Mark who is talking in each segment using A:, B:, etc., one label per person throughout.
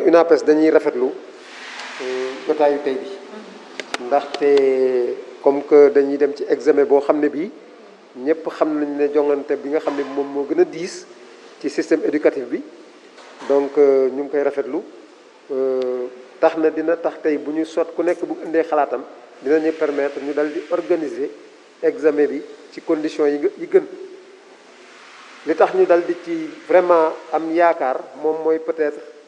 A: une UNAPES dañuy rafetlu euh, jotaayu tay bi ndaxte comme que dañuy dem ci examen bo xamné bi ñepp ñëpp xam nañ ne jongante bi nga xamné mom mo gëna gën diis ci système éducatif bi donc euh, ñu ngi koy rafetlu euh taxna dina tax tay bu ñu sot ku nekk bu indee xalaatam dina dinañu permettre ñu dal di organiser examen bi ci condition yi yi gën li tax ñu dal di ci vraiment am yaakar mom moy peut-être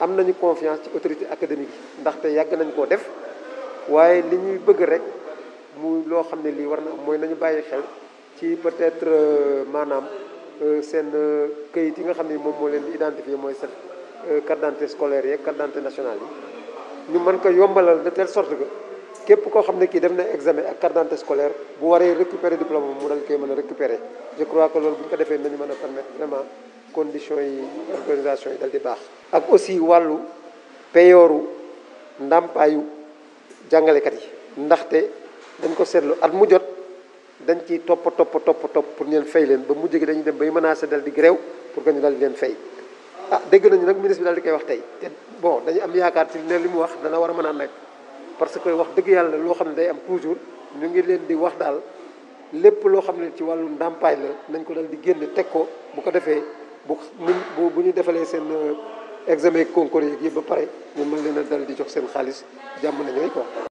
A: am nañu confiance ci autorité académique yi ndaxte yàgg nañ koo def waaye li ñuy bëgg rek mu loo xam ne lii war na mooy nañu bàyyi xel ci peut-être euh, maanaam euh, seen euh, këyit yi nga xam ne moom moo leen di identifier mooy seen carte d'identité scolaire yeeg carte d'identité nationale yi ñu mën ko yombalal de telle sort que képp koo xam ne kii dem na examen ak carte d'identité scolaire bu waree récupérer diplôme mu dal koy mën a récupérer je crois que loolu bu ñu ko defee nañu mën a permettre vraiment conditions yi organisation yi dal di baax ak aussi wàllu peyooru ndàmpaayu jàngalekat yi ndaxte dañ ko seetlu at mu jot dañ ci topp topp topp pour ñu leen leen ba mujj gi dañuy dem ba bay menacé dal di gréew pour que ñu dal di leen fay ah dégg nañu nag ministre bi dal di koy wax tey te bon dañu am yaakaar ci ne li mu wax dana war a mën a nekk parce que wax dëgg yàlla loo xam ne day am toujours ñu ngi leen di wax daal lépp loo xam ne ci wàllu ndàmpaay la nañ ko dal di génn teg ko bu ko defee bu bu bu ñu defalee seen euh, examen concours yi ba pare ñu mën leen a dal di jox seen xaalis jàmm na ko